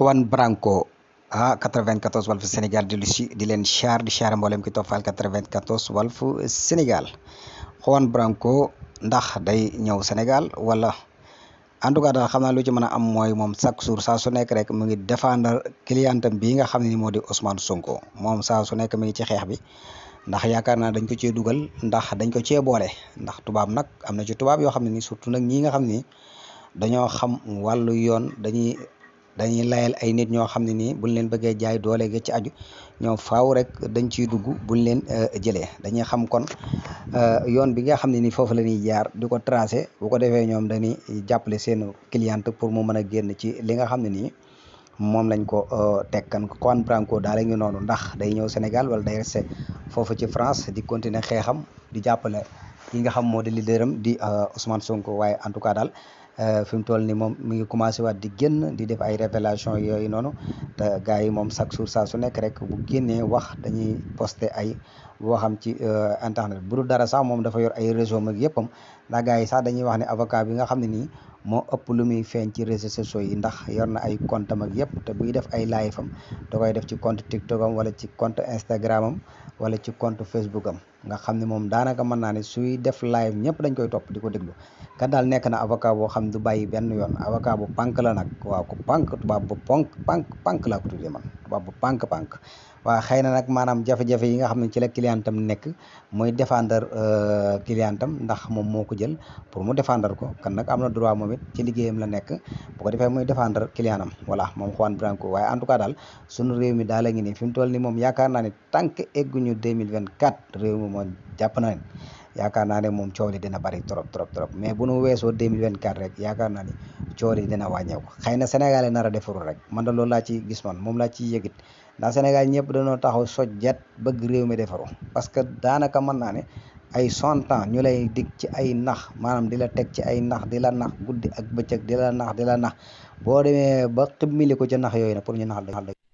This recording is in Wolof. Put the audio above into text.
Juan Branco ah 94 Walf Sénégal di si di leen char di char mboolem ki toppal 94 Walf Sénégal Juan Branco ndax day ñëw Sénégal wala en tout cas daal xam naa lu ci mën a am mooy moom chaque jour saa su nekk rek mu ngi défendre clientam bii nga xam ne ni moo di Ousmane Sonko moom saa su nekk mi ngi ci xeex bi ndax yaakaar naa dañ ko cee dugal ndax dañ ko cee boole ndax tubaab nag am na ci tubaab yoo xam ne ni surtout nak ñi nga xam ni dañoo xam wàllu yoon dañuy layal ay nit ñoo xam ne nii buñ leen bëggee jaay doole ga ci aju ñoom faaw rek dañ ciy dugg buñ leen euh, jëlee dañuy xam kon euh, yoon bi nga xam ne nii foofu la ñuy jaar di ko tracé boo ko defee ñoom dañuy jàppale seen client pour mu mën a génn ci li nga xam ne nii moom lañ ko euh, tekkan Juan Branco daal ngi noonu ndax day ñëw Sénégal wala day resté foofu ci France di continuer xeexam di jàppale yi nga xam moo di leaderam di Ousmane Sonko waaye en tout cas daal Euh, fi mu toll ni moom mi ngi commencé waat di génn di def ay révélation yooyu noonu te gars yi moom chaque jour saa su nekk rek bu génnee wax dañuy posté ay boo xam ci euh, internet bu dul dara sax moom dafa yor ay réseau mag yëppam ndax gars yi sax dañuy wax ne avocat bi nga xam ne nii moo ëpp lu muy feeñ ci réseaux sociaux yi ndax yor na ay compte am ak yëpp te buy def ay live am da koy def ci compte TikTok am wala ci compte Instagram am wala ci conte Facebook am nga xam ne moom daanaka mën naa ne suy def live ñëpp dañ koy topp di ko déglu kan daal nekk na avocat boo xam ne du bàyyi benn yoon avocat bu pànk la nag waaw ku pànk tubaab bu ponk pank pànk laa ko tuddee man tubaab bu pànk pànk waaw xëy na nag maanaam jafe-jafe yi nga xam ne ci la clientam nekk mooy défendre euh, clientam ndax moom moo ko jël pour mu défendre ko kan nag am na droit moom it ci liggéeyam la nekk bu ko defee muy défendre client am voilà moom Juan Branco waaye en tout cas daal sunu réew mi daal la ngi nii fi mu toll nii moom yaakaar naa ne tant mille egguñu 2024 réew mi moom jàpp na leen yaakaar naa ne moom coow li dina bari trop trop trop mais bu nu weesoo 2024 rek yaakaar naa ni coow li dina wàññeeku xëy na Sénégal yi nar a defarul rek man da loolu laa ci gis moom laa ci yëgit ndax Sénégal ñëpp dañoo taxaw sojjat bëgg réew mi defaru parce que daanaka mën naa ne ay cent ans ñu lay dig ci ay nax maanaam di la teg ci ay nax di la nax guddi ak bëccëg di la nax di la nax boo demee ba ximmili ko ci nax yooyu na pour ñu nax la